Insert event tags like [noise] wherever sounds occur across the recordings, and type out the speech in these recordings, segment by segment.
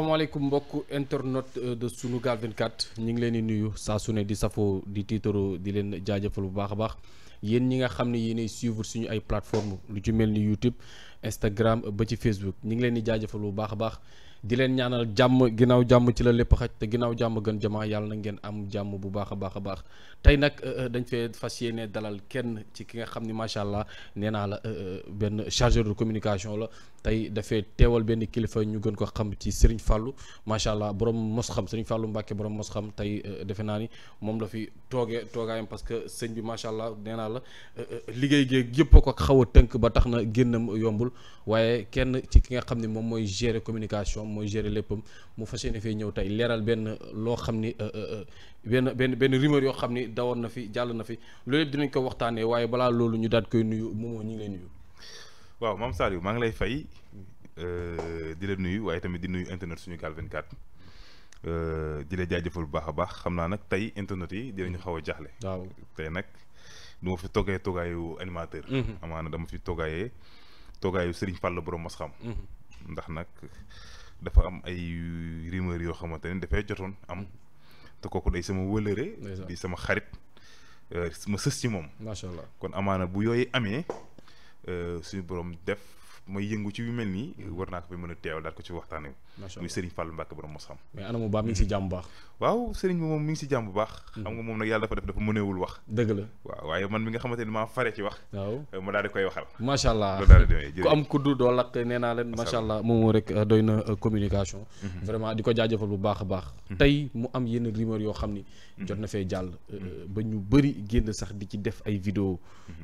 asalaamaaleykum mbokku internet euh, de Sunugal 24 ñu ngi leen di nuyu saa su di safoo di tiitaro di leen jaajëfal bu baax a baax yéen ñi nga xam ne yéenay suivre suñu ay plateforme lu ci mel ni YouTube Instagram ba ci Facebook ñu ngi leen di jaajëfal bu baax a baax. di leen ñaanal jàmm ginnaaw jàmm ci la lépp xaj te ginnaaw jàmm gën jamaa yàlla na ngeen am jàmm bu baax a baax a baax tey nag euh, euh, dañ fee fas yéene dalal kenn ci ki nga xam ni macha allah nee naa la euh, benn chargeur communication la tey dafee teewal benn kilifa ñu gën ko xam ci Serigne Fallou macha allah borom mos xam Serigne fàllu Mbacke borom mos xam tey defe naa ni moom la fi toogee toogaayam parce que sëñ bi macha allah nee naa la liggéey géeg yëpp a ko xaw a tënk ba tax na génnam yombul waaye kenn ci ki nga xam ne moom mooy gérer communication moom mooy gérer léppam mu fas yéene fee ñëw tey leeral benn loo xam ni euh, euh, euh, benn benn benn rumeur yoo xam ni dawoon na fi jàll na fi loolu yëpp dinañ ko waxtaanee waaye balaa loolu ñu daal koy nuyu moomoo ñu ngi lay nuyu. waaw maam yu maa ngi lay fay di la nuyu waaye tamit di nuyu internet Sunugal 24. di la jaajëfal bu baax a baax xam naa nag tey internet yi dinañu xaw a jaaxle. waaw tey nag du ma fi toggee toggaayu animateur. Mm-hmm. amaana dama fi toggaayee toggaayu sëriñ Fall borom mas xam. Mm-hmm. nag dafa am ay rumeur yoo xamante ne dafay jotoon am te kooku day sama wëlëre di sama xarit euh, ma sës ci moom macha allah kon amaana bu yooyu amee euh, suñu borom def may yëngu ci yu mel nii mm. war naa ko fi mën a teewal daal ko ci waxtaanee muy Serigne Fallou Mbacke borom mos xam mais ana mu baax mi ngi si jàmm baax waaw Serigne bi moom mi ngi si jàmm bu baax hmm. xam nga moom nag yàlla dafa def dafa mëneewul wax dëgg la waaw waaye man mi nga xamante ni maa fare ci wax waaw eh, ma daal di koy waxal macha allah ku am kuddu doo lakk nee naa leen macha allah moom rek euh, doy na euh, communication mm-hmm. vraiment di ko jaajëfal bu baax a baax mm-hmm. tey mu am yenn rumeur yoo xam ni mm-hmm. jot na fee jàll euh, ba ñu bari génn sax di ci def ay vidéo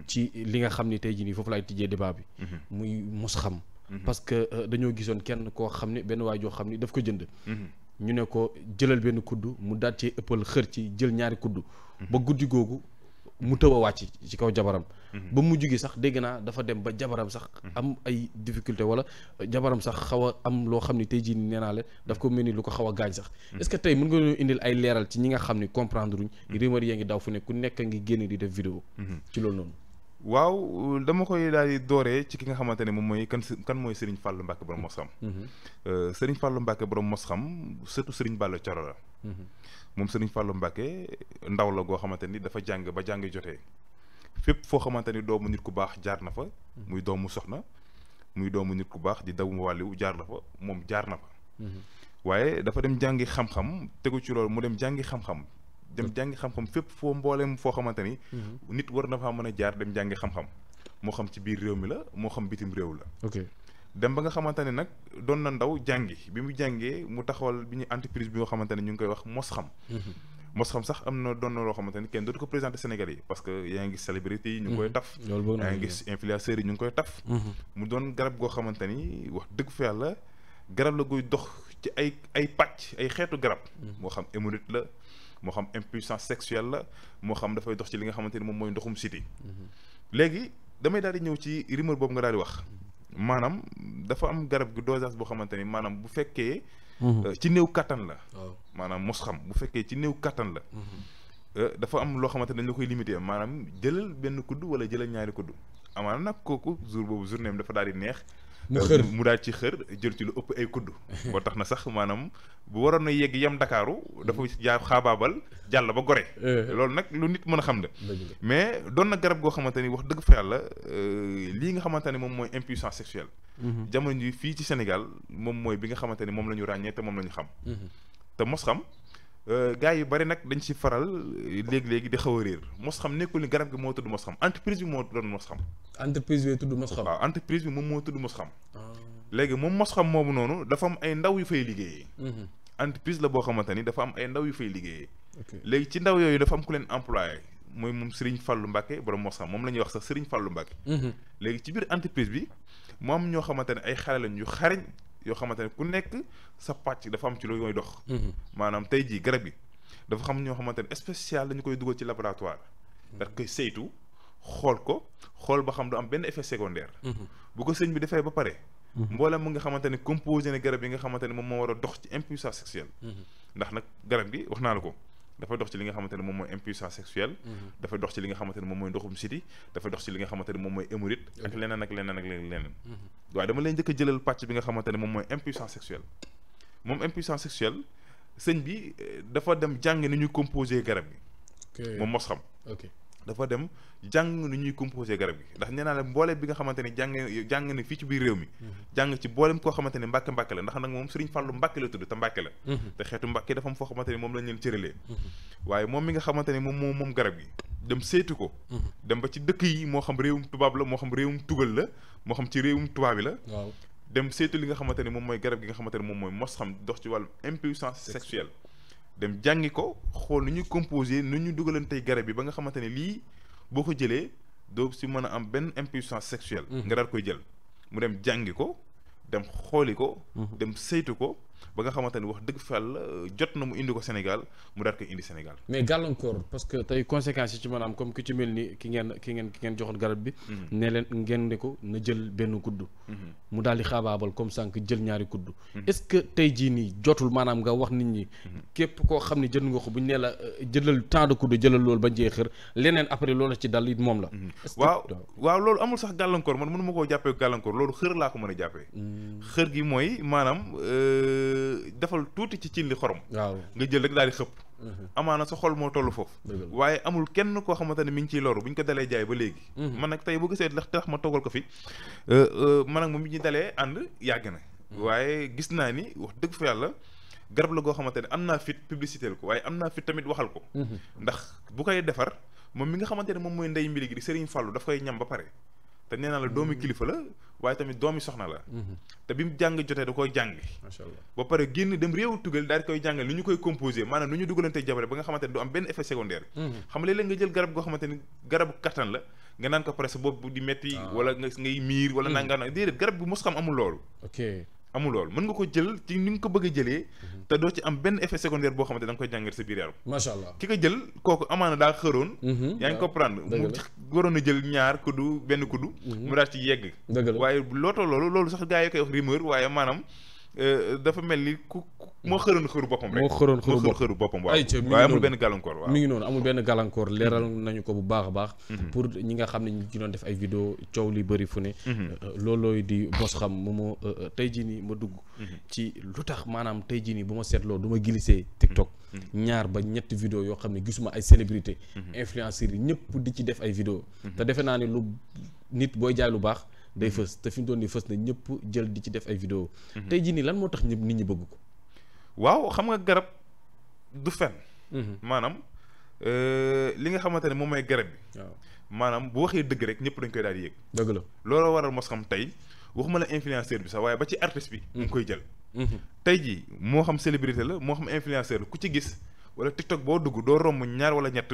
ci li nga xam ni tey jii nii foofu laay tijjee débat bi muy mos xam Mhm. parce que euh, dañoo gisoon kenn koo xam ne benn waay joo xam ne daf ko jënd. Mhm. ñu ne ko jëlal benn kudd mu daal cee ëppal xër ci jël ñaari kudd. Mhm. ba guddi googu mu tëw a wàcc ci kaw jabaram. ba mu gi sax dégg naa dafa dem ba jabaram sax. am ay difficulté wala jabaram sax xaw a am loo xam ne tey jii nee naa la ko mel ni lu ko xaw a gaañ sax. est tey mën nga ñu indil ay leeral ci ñi nga xam ne comprendre luñ. rumeur yaa ngi daw fu ne ku nekk ngi génn di def ci loolu noonu. waaw dama koy daal doore ci ki nga xamante ne moom mooy kan kan mooy Serigne Fallou Mbacke borom Mosxam. Mhm. Euh, Serigne Fallou Mbacke borom Mosxam surtout Serigne Balla Coro la. Mhm. moom Serigne Fallou Mbacke ndaw la goo xamante ni dafa jàng ba jàng jotee fépp foo xamante ni doomu nit ku baax jaar na fa. Mhm. muy doomu soxna muy doomu nit ku baax di daw wàlliw jaar na fa moom jaar na fa. waaye dafa dem jàngi xam-xam tegu ci loolu mu dem jàngi xam-xam. dem jàngi xam-xam fépp foo mbooleem foo xamante ni mhm. nit war na faa mën a jaar dem jàngi xam-xam moo xam ci biir réew mi la moo xam bitim réew la ok dem ba nga xamante ne nag doon na ndaw jàngi bi mu jàngee mu taxawal bi ñu entreprise bi nga xamante ne ñu ngi koy wax mos xam mos mhm. xam sax am na doon na loo xamante ni kenn dootu ko présenté Sénégal yi parce que yaa ngi gis célébrité yi ñu ngi koy mhm. taf yaa mu doon garab goo xamante ni wax dëgg fa la garab la guy dox ci ay ay pàcc ay xeetu garab moo xam émorite la moo xam impuissance sexuelle la moo xam dafay dox ci li nga xamante ni moom mooy ndoxum siti mhm. léegi damay daal di ñëw ci rumeur boobu nga daal di wax maanaam dafa am garab gi dosage boo xamante ni maanaam bu fekkee mhm. euh, ci néew kattan la maanaam mos bu fekkee ci néew kattan la mhm. euh, dafa am loo xamante ne dañ la koy limité maanaam jëlal benn kudd wala jëlal ñaari kudd amaana nag kooku jour boobu journée am dafa daal di neex mu euh, xër mu daal ci xër jël ci lu ëpp ay kudd [laughs] boo tax na sax maanaam bu waroon na yegg yam Ndakaaru dafa mm-hmm. jaa xaabaabal jàll ba gore euh. loolu nag lu nit mën a xam la mais doon na garab goo xamante ni wax dëgg fa yàlla euh, lii nga xamante ne moom mooy impuissance sexuelle mm-hmm. jamono ji fii ci Sénégal moom mooy bi nga xamante ni moom la ñu ràññee te moom la ñu xam mm-hmm. te mos xam Euh, gars yu bari nag dañ si faral euh, léegi-léegi di xaw a réer mos xam nekkul ni garab gi moo tudd mos xam entreprise bi moo doon mos xam entreprise bi tudd mos xam waaw bi moom moo tudd mos xam ah. léegi moom mos xam moomu noonu dafa am ay ndaw yu fay liggéeyee mhm. entreprise la boo xamante ni dafa am ay ndaw yu fay liggéeyee léegi ci ndaw yooyu dafa am ku leen employé mooy moom Serigne Fallou Mbacke borom mos xam moom la ñuy wax sax fal lu Mbacke mhm. léegi ci biir entreprise bi mu ñoo xamante ne ay xale lañ yu xarañ yoo xamante ne ku nekk sa pàcc dafa am ci loolu mooy dox. Mhm. maanaam tey jii garab yi dafa xam ñoo xamante ne spécial lañu koy dugal ci laboratoire. ndax mhm. koy saytu xool ko xool ba xam du am benn effet secondaire. Mhm. bu ko sëñ bi defee ba pare. mboolem mu nga xamante ne composé ne garab yi nga xamante ne moom moo war a dox ci impuissance sexuelle. ndax nag garab gi wax naa la ko. dafay dox ci li nga xamante ne moom mooy impuissance sexuelle mhm. dafay dox ci li nga xamante moom mooy ndoxum siti dafay dox ci li nga xamante moom mooy hémorroïde ak leneen ak leneen mhm. waaye dama lay njëkk a jëlal pàcc bi nga xamante ne moom mooy impuissance sexuelle moom impuissance sexuelle sëñ bi eh, dafa dem jàng ni ñu composé garab yi moom mos xam dafa dem jàng nu ñuy composé garab gi ndax nee naa la mbooleem bi nga xamante ne jàng jàng na fii ci biir réew mi jàng ci mbooleem koo xamante ne mbàkke mbàkke la ndax nag moom Serigne fàllu Mbàkke la tudd te mbàkke la mhm. te xeetu mbàkke dafa am foo xamante ne moom lañ leen cëralee mhm. waaye moom mi nga xamante ne moom moom moom garab gi dem seetu ko mhm. dem ba ci dëkk yi moo xam réewum tubaab la moo xam réewum tugal la moo xam ci réewum tubaab yi la dem seetu li nga xamante ne moom mooy garab gi nga xamante ne moom mooy mos xam dox ci wàllu impuissance sexuelle dem jàngi ko xool nu ñu composé nu ñu dugalantey garab yi ba nga xamante ne lii boo ko jëlee doo si mën a am benn impuissance sexuelle. Mhm. nga daal koy jël mu dem jàngi ko dem xooli ko. Mhm. dem saytu ko. ba nga xamante ni wax dëgg fa jot na mu indi ko Sénégal mu daal ko indi Sénégal. mais gàllankoor parce que tey conséquences yi ci maanaam comme ki ci mel ni ki ngeen ki ngeen ki garab bi. Mhm. ne leen ngeen ne ko na jël benn kudd. Mhm. mu daal di xaabaabal comme sànq jël ñaari kudd. Mhm. est-ce que tey jii nii jotul maanaam nga wax nit ñi. képp koo xam ne jël nga ko bu ñu nee la euh, jëlal temps de kudd jëlal loolu ba njee xër leneen après loolu ci dal it moom la. waaw waaw loolu amul sax gàllankoor man mënu ma koo jàppee gàllankoor loolu xër laa ko mën a jàppee. Mm. xër gi mooy maanaam euh, defal tuuti ci cin li xorom. waaw nga jël rek daal di xëpp. Mhm. amaana sa xol moo toll foofu. waaye amul kenn koo xamante ne mi ngi ciy loru bu ñu ko dalee jaay ba léegi. Mhm. man nag tey bu gisee ndax tax ma toggal ko fi euh, euh, man ak moom mi ñu dalee ànd yàgg na. Mhm. waaye gis naa ni wax dëgg fa yàlla. garab la goo xamante ne am naa fit publicité ko waaye am naa fit tamit waxal ko. ndax bu koy defar moom mi nga xamante ne moom mooy ndey mbili gi di Serigne daf koy ñam ba pare. te nee la doomu kilifa la waaye tamit doomi soxna la mhm. te bi mu jàng jotee da koy jàng macha allah ba génn dem réew tugal daal di koy jàngal lu ñu koy composé maanaam lu ñu dugalante jabare ba nga xamante ne du am benn effet secondaire mhm. xam nga léeg-léeg nga jël garab goo xamante ni garabu kattan la nga naan ko presque boobu di metti ah. wala nga ngay miir wala mhm. nanga déedéet garab bi mos xam amul loolu amul loolu mën nga ko jël ci ni nga ko bëgg a jëlee mhm. te doo ci am benn effet secondaire boo xamante da nga koy jàngat sa biir yaram ki ko jël kooku amaana daa xëroon mhm. yaa ngi comprendre mu waroon a jël ñaar kuddu benn kuddu mhm. mu daal ci yegg waaye lootoo loolu loolu sax gars yi koy wax rumeur waaye maanaam Euh, dafa mel ni ku moo xëroon xëru boppam rek moo xëroon xëru boppam waaw waaye amul benn gàllankoor waaw mi ngi noonu amul benn gàllankoor leeral mhm. nañu ko bu baax a baax mhm. pour ñi nga xam ne ñu ci doon def ay vidéo coow li bari fu ne mhm. euh, loolooy di bos xam mu moo euh, tey jii nii ma dugg ci lu tax maanaam tey jii nii bu ma seetloo du ma gilisee TikTok ñaar ba ñetti vidéo yoo xam ne gisuma ay célébrité influenceurs yi ñëpp di ci def ay vidéo te defe naa ni lu nit booy jaay lu baax day mhm. fës te fi mu doon nii fës na ñëpp jël di ci def ay video mhm. tey jii nii lan moo tax ñëpp nit ñi bëgg ko. waaw xam nga garab du fen. Mhm. maanaam euh, li nga xamante ne moom mooy garab bi. maanaam bu waxee dëgg rek ñëpp dañ koy daal yéeg dëgg la looloo waral mos xam tey waxuma la influenceur bi sax waaye ba ci artiste bi. ñu ngi koy jël. tey jii moo xam célébrité la moo xam influenceur la ku ci gis wala TikTok boo dugg doo romb ñaar wala ñett.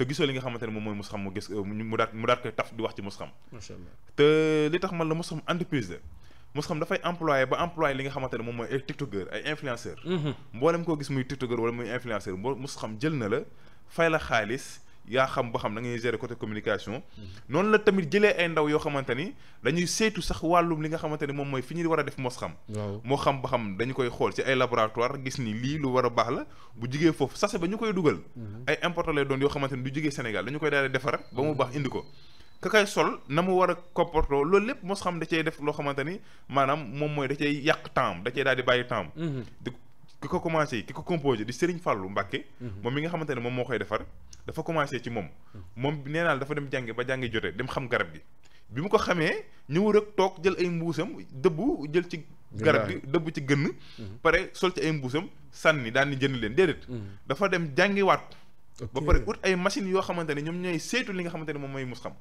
te gisoo li nga xamante ne moom mooy Moussa xam mu gis euh, mu daat mu daat koy taf di wax ci Moussa xam. te li tax man la Moussa xam entreprise la. Moussa xam dafay employé ba employé li nga xamante moom mooy ay tiktokeur ay influenceur mm-hmm. mboolem koo gis muy tiktokeur wala muy influenceur mbo Moussa xam jël na la fay la xaalis. yaa xam ba xam da ngay gérer côté communication noonu la tamit jëlee ay ndaw yoo xamante ni dañuy seytu sax wàllum li nga xamante ni moom mooy fi ñuy war a def mos xam moo xam ba xam dañu koy xool ci ay laboratoire gis ni lii lu war a baax la bu jigee foofu sase ba ñu koy dugal mhm. ay importé lay doon yoo xamante ni du jigee Sénégal dañu koy daal di defar ba mu baax indi ko ka kay sol na mu war a comportoo loolu lépp mos xam da cay def loo xamante ni maanaam moom mooy da yàq temps da cay daal di bàyyi temps ki ko commencé ki ko composé di Serigne Fallou Mbacké mhm. moom mi nga xamante ne moom koy defar dafa commencé ci moom mhm. moom nee dafa dem jàngi ba jàngi jotee dem xam garab gi bi mu ko xamee ñëw rek toog jël ay mbuusam dëbbu jël ci garab gi ci gënn mhm. pare sol ci ay mbuusam daan ni jënd leen déedéet dafa dem jàngiwaat ba pare ut ay machines yoo xamante ne ñoom ñooy saytu li nga xamante ne moom mooy mus xam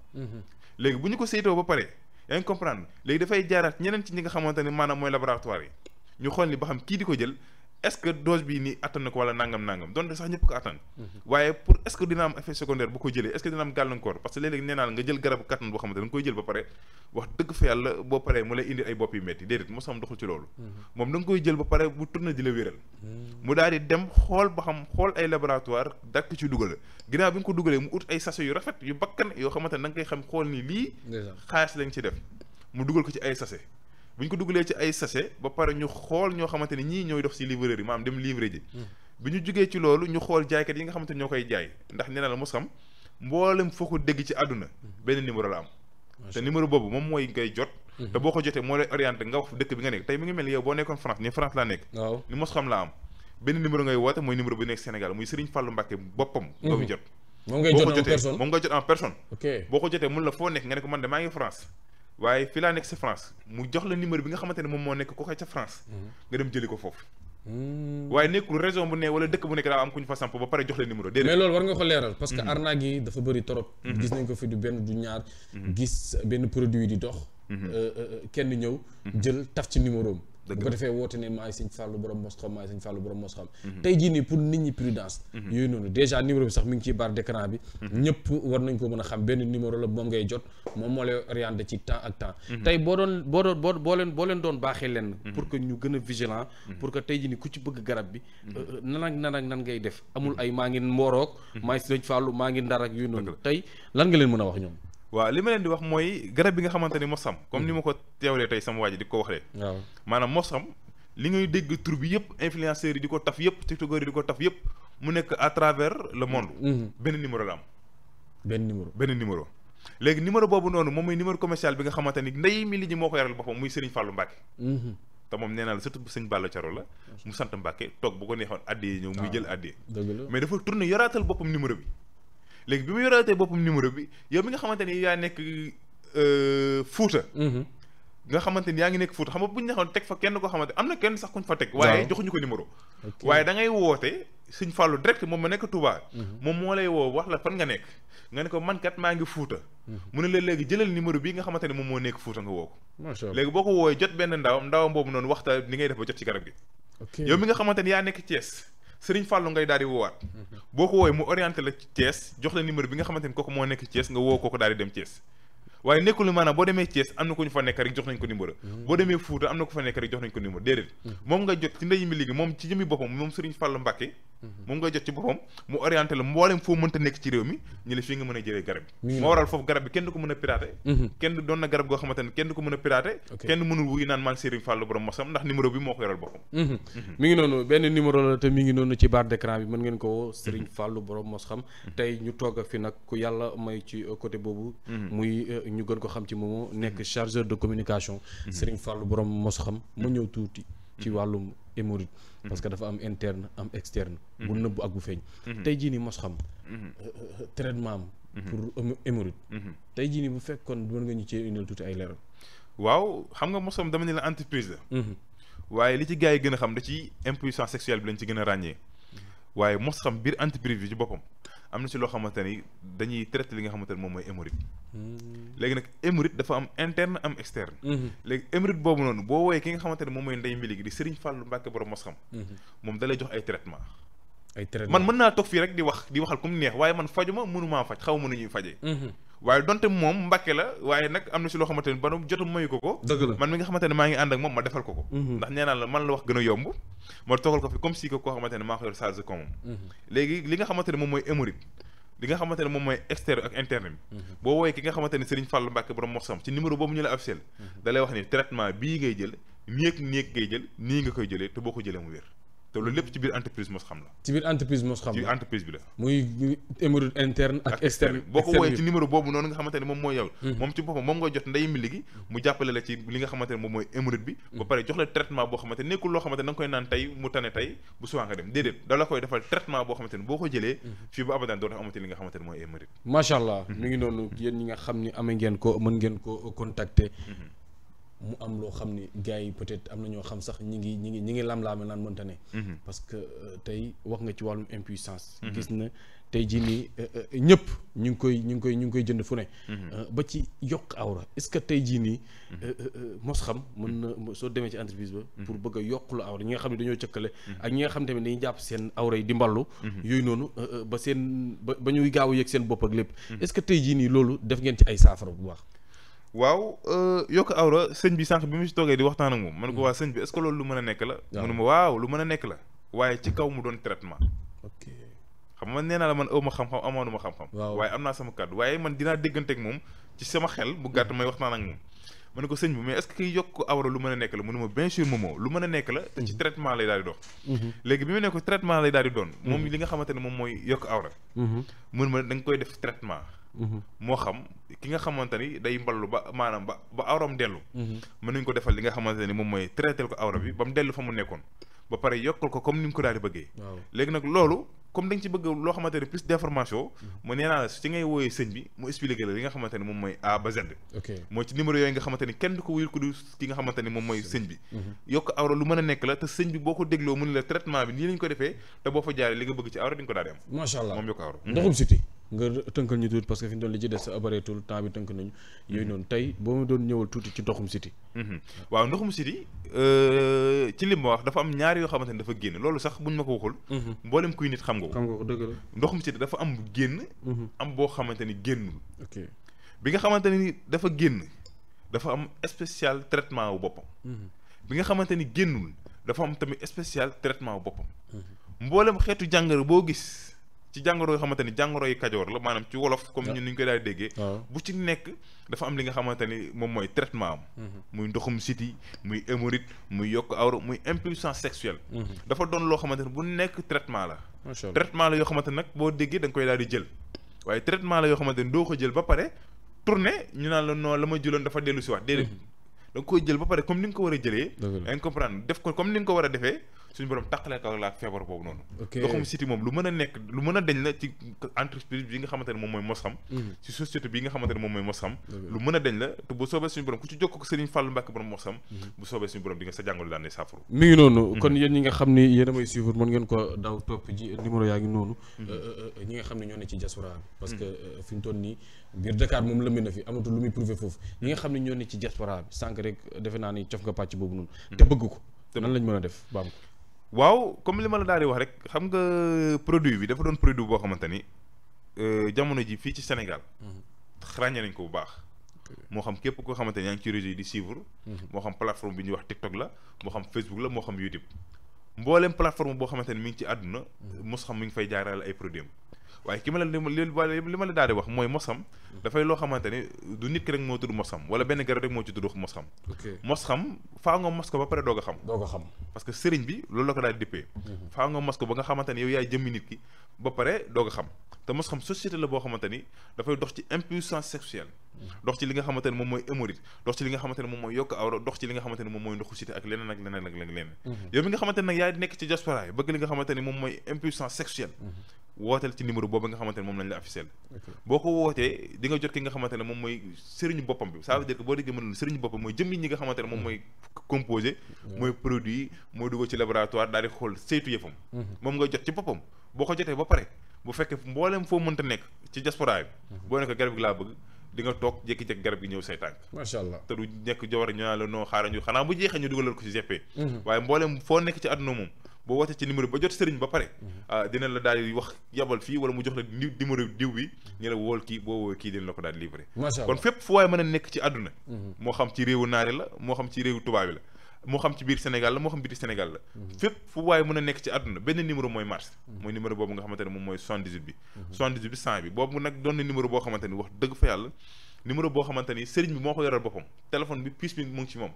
léegi bu ñu ko saytoo ba pare yaa léegi dafay jaaraat ñeneen ci ñi nga xamante ne maanaam mooy laboratoire yi ñu xool ni ba xam kii di ko jël est-ce que dose bii nii attan na ko wala nangam nangam donte sax ñëpp ko attan. Mhm. waaye pour est dina am effet secondaire bu ko jëlee est dina am gàllankoor parce que nee naa la nga jël garabu kattan boo xamante mhm. nga koy jël ba pare mu lay ay bopp yu métti déedéet mosam doxul ci loolu. moom di la wéral. Mhm. mu daal di dem xool ba xam xool ay laboratoire dàkk ci dugal ginnaaw bi nga ko dugalee mu ut ay sachet yu rafet yu bakkan yoo xamante ne da nga koy xam xool ni lii. xaalis lañ ci def mu dugal ko ci ay sachet bu ñu ko dugalee ci ay sachet ba pare ñu xool ñoo xamante ni ñii ñooy dox si livreur yi maanaam dem livrer ji hmm. bi ñu jugee ci loolu ñu xool jaaykat yi nga xamante ni ñoo koy jaay ndax nee na la mos xam mboolem foo ko dégg ci àdduna hmm. benn numéro la am te numéro boobu moom mooy ngay jot hmm. te boo ko jotee moo lay orienté nga wax dëkk bi nga nekk tey mi ni yow moom ngay jot en personne boo ko jotee mun la foo nekk nga ne ko man de maa ngi France waaye fii laa nekk sa France mu jox la numéro bi nga xamante ne moom moo nekk kooka ca France. nga dem jëli ko foofu. Hmm. waaye nekkul région bu ne wala dëkk bu nekk daa am ku ñu fa samp ba pare jox la numéro. déedéet mais loolu war nga ko leeral. parce que hmm. arnaque yi dafa bëri trop. Hmm. gis nañ ko fi du benn du ñaar. gis benn produit di dox. Euh, euh, euh, kenn ñëw jël taf ci numéro am bu ko defee woote ne maay sëñ fàllu borom mos xam maay sëñ fàllu borom mos xam mhm. tey jii nii pour nit ñi prudence mhm. yooyu noonu déjà numéro bi sax mi ngi ciy barre d'écran bi mhm. ñëpp war nañ ko mën a xam benn numéro la moom ngay jot moom moo lay orienté ci temps ak temps tey boo doon boo leen boo leen doon baaxee leen pour que ñu gën a vigilant pour que tey jii nii ku ci bëgg garab bi euh, euh, nan ak nan ak nan ngay def amul ay maa ngi mbooroog maay sëñ fàllu maa ngi ndara ak yooyu noonu tey lan nga leen mën a wax ñoom waaw li ma leen di wax mooy garab bi nga xamante ni mosam comme ni ma ko teewlee tey sama waa ji di ko waxee waaw maanaam mosam li ngay dégg tur bi yëpp influenceurs yi di ko taf yëpp tiktokeurs yi di ko taf yëpp mu nekk à le monde mm-hmm. benn numéro la am benn numéro benn numéro léegi numéro boobu noonu moom mooy numéro commercial bi nga xamante ni ndey mi li ñi moo ko yaral boppam muy Serigne Fallou Mbacke mm-hmm. te moom la surtout sëñ Balla Caro la mu sant Mbacke toog bu ko neexoon addee ñëw jël addee mais dafa tourné yoraatal bi léegi bi mu yoreetee boppam numéro bi yow mi nga xamante ni yaa nekk euh, Fuuta. Mm-hmm. nga xamante ni yaa ngi nekk Fuuta xam nga bu ñu ne teg fa kenn koo xamante am na kenn sax kuñ fa teg. waaye joxuñu ko numéro. waaye da ngay woote Sëñ Fallu direct moom ma nekk Touba. Mm-hmm. moom moo lay woo wax la fan nga nekk. nga ne ko man kat maa ngi Fuuta. Mm-hmm. mu ne la léegi jëlal numéro bii nga xamante ne moom moo nekk Fuuta nga woo ko. macha allah léegi boo ko woowee jot benn ndawam ndawam boobu noonu waxta ni ngay def ba jot ci garab gi. yow mi ni yaa nekk Thiès Serigne Fallou ngay daal di woowaat boo ko woowee mu orienté la ci Thiès jox la numéro bi nga xamante ni kooku moo nekk Thiès nga woo kooku daal di dem Thiès waaye nekkul maanaam boo demee Thiès am na ko ñu fa nekk rek jox nañ ko numéro mm-hmm. boo demee Fouta am na ko fa nekk rek jox nañ ko numéro déedéet mm-hmm. moom nga jot ci ndey mi léegi moom ci jëmmi boppam moom Serigne Fallou Mbacké Mhm. moom ngay jot ci boppam mu orienté la foo mënta nekk ci réew mi ñu la fii nga mën a jëlee garab bi moo waral foofu garab bi kenn du ko mën a piraté mhm. kenn du ko mën a piraté kenn mënul wuy naan man Serigne Fallou borom mosam ndax numéro bi moo ko yoral boppam mhm. mi ngi noonu benn numéro la te mi ngi noonu ci barre d'écran bi mën ngeen ko woo Serigne borom mos xam tey ñu toog fi nag ku yàlla may ci euh, côté boobu muy euh, ñu gën ko xam ci moomu nekk chargeur de communication Serigne Fallou borom mos xam mu ñëw tuuti ci hémorroïde parce que dafa am interne am externe bu mhm. nëbbu ak bu feeñ mhm. tey jii nii mos xam mhm. euh, euh, traitement am pour hémorroïde tey jii ni bu fekkoon mën nga ñu cee indil tuuti ay leeral waaw xam nga mos xam dama ne la entreprise waaye li ci gars yi gën a xam da ci impuissance sexuelle bi lañ ci gën a ràññee waaye mos xam biir entreprise bi ci boppam am na si loo xamante ni dañuy traité li nga xamante ni moom mooy hémorroïde. Hmm. léegi nag hémorroïde dafa am interne am externe. Hmm. léegi hémorroïde boobu noonu boo woowee ki nga xamante ni moom mooy ndey mbili gi di Serigne Fallou Mbacke borom mos xam. Hmm. moom da jox ay traitement ay traitement man mën naa toog fii rek di wax di waxal comme neex waaye man fajuma mënumaa faj xaw ma nu ñuy fajee. waaye donte moom mbàkke la waaye nag am na si loo xamante ni borom jotu mayu ko ko dëgg la man mi nga xamante ne maa ngi ànd ak moom ma defal ko ko mhm. ndax nee la man la wax gën a yomb ma toogal ko fi comme si que koo xamante ne maa ko yor charge ko mhm. léegi li nga xamante ne moom mooy émorite li nga xamante ne moom mooy externe ak interne bi mhm. boo wooyee ki nga xamante ne Serigne Fallou Mbacke borom moxsam ci numéro boobu ñu la officiel da lay wax ni traitement bii ngay jël nii ak nga koy jëlee te boo ko jëlee te loolu lépp ci biir entreprise mos xam la. ci biir entreprise mos xam la ci entreprise bi la. muy émeraude interne ak. externe boo ko woowee ci numéro boobu noonu nga xamante ne moom mooy yow. Hmm. moom ci boppam moom nga jot nday mi ligi hmm. mu jàppale la ci li nga xamante ne moom mooy émeraude bi. Hmm. ba pare jox la traitement boo xamante ne nekkul loo xamante ne koy mu defal traitement boo xamante ne boo ko jëlee. fii ba abadan doo tax amati li nga xamante ne mooy émeraude. macha allah mi ngi noonu yéen ñi nga xam ne amee ngeen ko mën ngeen ko contacter. mu am loo xam ni gars yi être am na ñoo xam sax ñi ngi ñi ngi ñi ngi lam-laame naan mënta ne mhm. parce que euh, tey wax nga ci wàllum impuissance mhm. gis na tey jii nii euh, euh, ñëpp ñu ngi koy ñu ngi koy ñu ngi koy jënd fu ne mhm. ba ci yokk awra est-ce que tey jii nii mos xam mën na soo demee ci entreprise ba pour bëgg a yokk lu awra ñi nga xam ne dañoo cëkkale ak ñi nga xam ni dañuy jàpp seen awra yi di mballu yooyu noonu ba seen ba ba ñuy gaaw a seen bopp ak lépp est-ce que tey jii nii loolu def ngeen ci ay saafara bu baax waaw euh, yokk awra sëñ bi sànq bi mu si toogee di waxtaan ak moom man ko hmm. waa sëñ bi est-ce loolu lu mën a nekk la mu ne ma waaw lu mën a nekk la waaye ci kaw mu doon traitement ok xam nga nee naa la man aw ma xam-xam amaanuma waaye am naa sama kàddu waaye man dinaa déggante ak moom xel bu gàtt hmm. may waxtaan ak moom ko sëñ bi mais est-ce que kiy lu mën a nekk la ma bien lu mën a nekk la te ci hmm. traitement lay daal dox léegi bi mu ne ko traitement lay daal di doon moom li nga xamante ne moom mooy yokk awra mun ma koy def traitement moo xam ki nga xamante ni day mballu ba maanaam ba ba awram dellu mhm. mën nañ ko defal li nga xamante moom mooy d' information mhm. traitement bi nii lañ ko defee te boo fa jaaree li nga bëgg ci awra di nga ko daal di moom yokk awra ndoxum mm-hmm. siti nga tënkal ñu tuuti parce que fi ñu doon li ci des bareetul temps bi tënk nañu yooyu noonu tey boo ma doon ñëwal tuuti ci ndoxum siti mhm. waaw ndoxum siti euh, ci li ma wax dafa am ñaari yoo xamante ne dafa génn loolu sax buñ ma ko waxul mhm. mboolem kuy nit xam nga ko xam nga ko dëgg la ndoxum siti dafa am génn mhm. am boo xamante ni génnul bi nga xamante ni dafa génn dafa am spécial traitement wu boppam bi nga xamante ni génnul dafa am tamit spécial traitement wu boppam mboolem boo gis ci jàngoro yoo xamante ni jàngoro yi kajoor la maanaam ci wolof comme ñun ni ñu koy daal déggee bu ci nekk dafa am li nga xamante ni moom mooy traitement am mm-hmm. muy ndoxum siti muy hémorroïde muy yokk awra muy impuissance sexuelle mm-hmm. dafa doon loo xamante bu nekk traitement la traitement la yoo xamante nag boo déggee da nga koy daal di jël waaye traitement la yoo xamante ni doo ko jël ba pare tourné ñu naan la non la ma jëloon dafa dellu si waat déedéet mm-hmm. da nga war a jëlee da nga def ko comme ni nga ko war a suñu borom taqale ko feebar boobu noonu. ok ndoxum siti moom lu mën a nekk lu mën a dañ la ci entreprise bi nga xamante ne moom mooy mos xam. Mhm. ci société bi nga xamante ne moom mooy mos xam. lu mën a bu soobee suñu borom ku mhm. sa jàngoro daan ne saafara. ngi noonu. Mhm. kon yéen ñi nga xam ni yéen a may suivre mën ngeen ko daw topp ji numéro yaa ngi noonu. Euh, euh, euh, ñi nga xam ne ñoo ne ci diaspora parce que fi mu toll nii biir Dakar moom lëmbe na fi amatul lu muy prouver foofu ñi nga xam ne ñoo ne ci diaspora bi sànq ko nan lañ mën a def baam ko waaw comme li ma la daal di wax rek xam nga produit bi dafa doon produit boo xamante ni euh, jamono ji fii ci Sénégal. Mhm. ràññee nañ ko bu baax. moo xam képp koo xamante ni yaa ngi ci réseau yi di suivre. Mhm. moo xam plateforme bi ñuy wax TikTok la moo xam Facebook la moo xam YouTube. mbooleem plateforme boo xamante ni mi ngi ci àdduna. Mhm. mos xam mu ngi fay jaarale ay produits am waaye ki ma la li ma la daal di wax mooy mosxam dafay loo xamante du nit ki rek moo tudd mosxam wala benn garab rek moo ci tudd mosxam mosxam faa nga mos ko ba pare doog a xam a xam parce que sëriñ bi loolu la ko daal di dippee mhm. faa nga mos ko ba nga xamante yaay jëmmi nit ki ba pare doog a xam te mosxam société la boo xamante dafay dox ci impuissance sexuelle mhm. dox ci li nga xamante moom mooy hémorroïde dox ci li nga xamante moom mooy yokk wooteel ci numéro boobu nga xamante ne moom lañ la officiel boo ko wootee di jot ki nga xamante moom mooy sëriñu boppam bi ça veut dire que boo déggee mën sëriñu boppam nga xamante moom mooy composé mooy produit mooy dugg ci laboratoire daal di xool saytu yëfam mhm. moom nga jot boo ko jotee ba pare bu fekkee mbooleem foo mënta nekk ci diaspora bi mhm. nekk garab gi laa bëgg di nga toog jékki-jékki garab gi ñëw say tànk macha allah te du nekk jawar ñu naan la noo xaaral mhm. nekk moom boo wootee ci numéro ba jot sëriñ ba pare mhm. ah, dina la daal di wax yabal fii wala mu jox la ni numéro diw bi ñu mhm. boo woowee kii dina la ko daal livré kon fépp fu waaye mën a nekk ci àdduna mhm. moo xam la moo xam ci biir Sénégal la moo xam biir Sénégal la ci àdduna benn numéro mooy mars mooy numéro boobu nga xamante ne moom mooy 78 bi 78 bi 100 boobu nag doon na numéro boo xamante ni wax dëgg fa yàlla numéro boo xamante ni sëriñ bi moo ko yoral boppam téléphone bi puce bi mu ci moom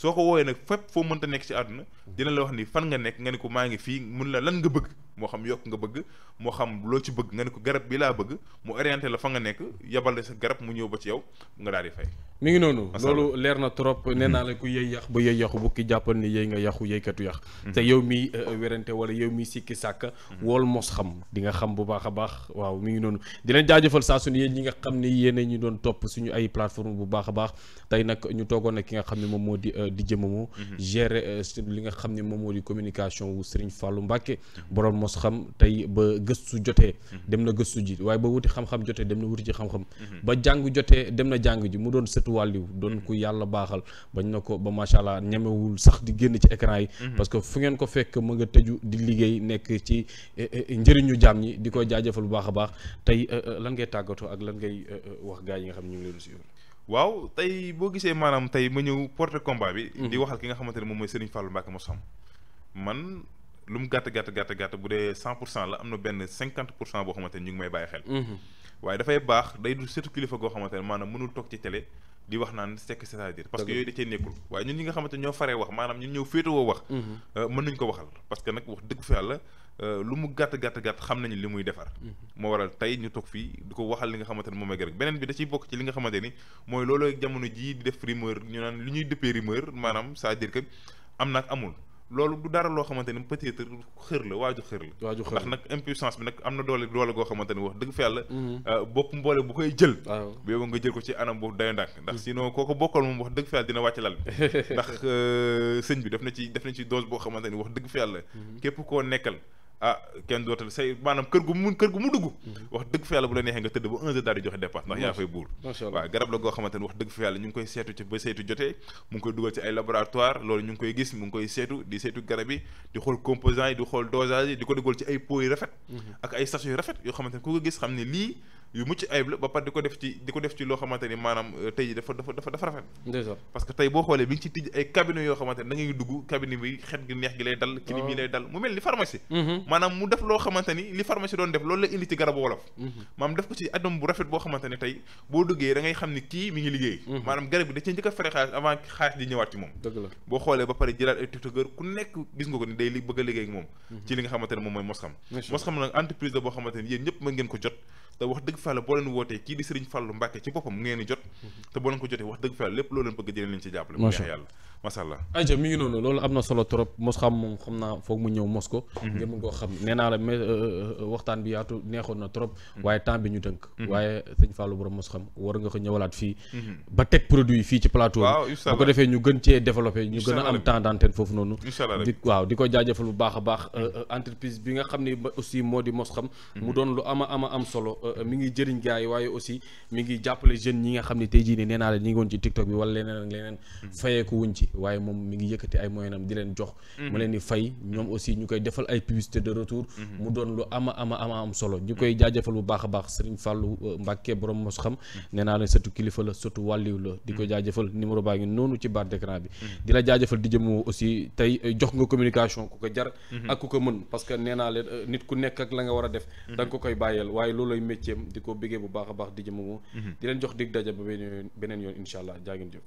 soo ko woowee nag fépp foo mënta nekk ci àdduna dina la wax ni fan nga nekk nga ne ko maa ngi fii mun la lan nga bëgg moo xam yokk nga bëgg moo xam loo ci bëgg nga ne ko garab bi laa bëgg mu orienté la fa nga nekk yabal sa garab mu ñëw ba ci yow nga daal di fay mi ngi noonu loolu leer na trop mm-hmm. nee naa la ku yëy yax ba yëy yaxu bukki jàppal ni yëy nga yaxu yëykatu yax mm-hmm. te yow mi euh, werante wala yow mi sikki sàkk mm-hmm. wool mos xam di nga xam bu baax a baax waaw mi ngi noonu di leen jaajëfal saa suñu yéen ñi nga xam ni yéen ñu doon topp suñu ay plateforme bu baax a baax tey nag ñu toogoon nag ki nga xam ne moom moo di euh, di jëmamoo gérer euh, li nga xam ne moom moo di communication wu Serigne Fallou Mbacké borom mos xam tey ba gëstu jotee mhm. dem na gëstu ji waaye ba wuti xam-xam jotee dem na wuti ci xam-xam mhm. ba jàng jotee dem na jàng ji mu doon sëtu wàlliw doon mhm. ku yàlla baaxal bañ na ko ba macha allah ñemewul sax di génn ci écran yi parce que fu ngeen ko fekk mu nga tëju di liggéey nekk ci e, e, e, njëriñu jaam ñi di ko jaajëfal bu baax a baax tey lan ngay tàggatoo ak lan ngay wax gaa yi nga xam ñu ngi leen si waaw tey boo gisee maanaam tey ma ñëw porte combat bi di waxal ki nga xamante ne moom mooy Serigne Fallou Mbacké mos xam lu mu gàtt gàtt gàtt gàtt bu dee cent pour cent la am na benn cinquante pour cent boo xamante ne ñu ngi may bàyyi xel. Mhm. waaye dafay baax day du surtout kilifa goo xamante ne maanaam mënul toog ci télé di wax naan sekk c'est-à-dire parce que yooyu da cee nekkul waaye ñun ñi nga xamante ñoo faree wax maanaam ñun ñëw mhm. euh, euh, mu xam nañu li muy defar mhm. moo waral tey ñu toog fii di ko waxal li nga xamante ne moom ay gërëm beneen bi da ciy bokk ci li nga xamante ni mooy loolu jamono jii di def rumeur ñu naan li ñuy dëppee rumeur maanaam c'est-à-dire que am amul loolu du dara loo xamante ni peut-être xër la waaju xër la ndax nag impuissance bi nag am na doole doole goo xamante ni wax dëgg fa yàlla mhm. euh, bopp mboole bu koy jël booba nga jël ko ci anam bu dayo ndànk ndax mhm. sinon kooko bokkal moom wax dëgg fa yàlla dina wàcc lal bi [laughs] ndax euh, sëñ bi def na ci def na ci dose boo xamante ni wax dëgg fa yàlla mhm. képp koo nekkal ah kenn dootul say maanaam kër gu mu dugg wax dëgg fa bu la neexee nga tëdd ba 1 daal di joxe dépasse ndax yaa fay buur waaw garab la goo xamante wax dëgg fa ñu ngi koy seetu ci ba seetu jotee mu ngi koy dugal ci ay laboratoire loolu ñu ngi koy gis mu ngi koy seetu di seetu garab yi di xool composants yi di xool dosage yi di ko dugal ci ay pot yu rafet mhm. ak ay sachet yu rafet yoo xamante ku ko gis xam ne lii yu mucc ayib la ba pare di ko def ci di ko def ci loo xamante maanaam euh, tey dafa dafa dafa rafet parce que tey boo xoolee bi ngi ci tij ay cabinet yoo xamante ni dugg cabinet bi xet gi neex gi lay dal ki ni lay dal mu mel ni pharmacie mm-hmm. maanaam mu def loo xamante li pharmacie doon def loolu la indi ci garabu wolof maanaam mm-hmm. def ko ci addom bu rafet boo xamante ni boo duggee da xam ni kii mi ngi liggéey mm-hmm. maanaam garab bi da cee njëkk a fa la boo leen wootee kii di Serigne Fallou Mbacke ci boppam ngeen jot mhm. te boo leen ko jotee wax dëgg fa la lépp loo leen bëgg dinañ leen ci jàppale mu neex yàlla macha solo trop mos xam moom xam naa foog mu ñëw mos ko nga ko ñëwalaat fii mhm. ba teg a am a euh, mhm. euh, am solo euh, mi ngi ngi jëriñ gars waaye aussi mi ngi jàppale jeunes ñi nga xam ne tey jii nii nee ñi ngi woon ci TikTok bi wala leneen ak leneen mm-hmm. fayeeku wuñ ci waaye moom mi ngi yëkkati ay moyenam di leen jox mm-hmm. mu mm-hmm. lu ama ama ama am solo ñu koy jaajëfal bu baax a baax Serigne Fallou euh, Mbacke borom mos xam nee naa la surtout wàlliw la di ko jaajëfal numéro baa ngi noonu ci barre d'écran bi di la jaajëfal di jëmoo aussi tey euh, jox nga communication ku ko jar ak ku ko mën parce que nee leen euh, nit ku nekk ak la nga war a def da ko koy bàyyeel waaye loolay métier di ko bëggee bu baax a baax di jëmamu mhm. di leen jox dig daja ba beneen yoon incha allah jaa ngeen jëf